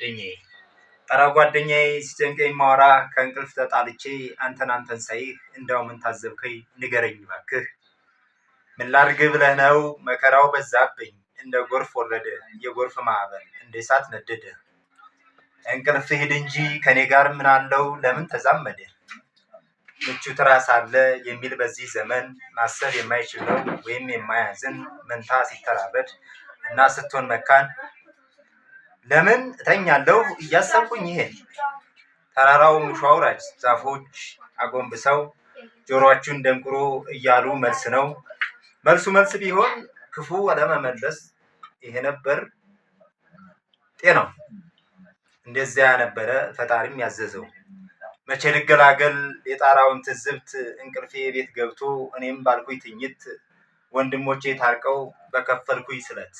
ጓደኛዬ ኧረ ጓደኛዬ ሲጨንቀኝ ማወራ ከእንቅልፍ ተጣልቼ አንተን አንተን ሳይህ እንደው ምን ታዘብከኝ ንገረኝ ባክህ ምን ላድርግ ብለህ ነው መከራው በዛብኝ እንደ ጎርፍ ወረደ የጎርፍ ማዕበል እንደ እሳት ነደደ። እንቅልፍ ሂድ እንጂ ከእኔ ጋር ምን አለው ለምን ተዛመደ? ምቹ ትራስ አለ የሚል በዚህ ዘመን ማሰብ የማይችል ነው ወይም የማያዝን መንታ ሲተራረድ እና ስትሆን መካን ለምን እተኛለሁ እያሰብኩኝ ይሄ! ተራራው ሸዋውራጅ ዛፎች አጎንብሰው ጆሮአችሁን ደንቁሮ እያሉ መልስ ነው። መልሱ መልስ ቢሆን ክፉ አለመመለስ ይሄ ነበር ጤናው። እንደዚያ ነበረ ፈጣሪም ያዘዘው። መቼ ልገላገል የጣራውን ትዝብት እንቅልፌ ቤት ገብቶ እኔም ባልኩኝ ትኝት ወንድሞቼ ታርቀው በከፈልኩኝ ስለት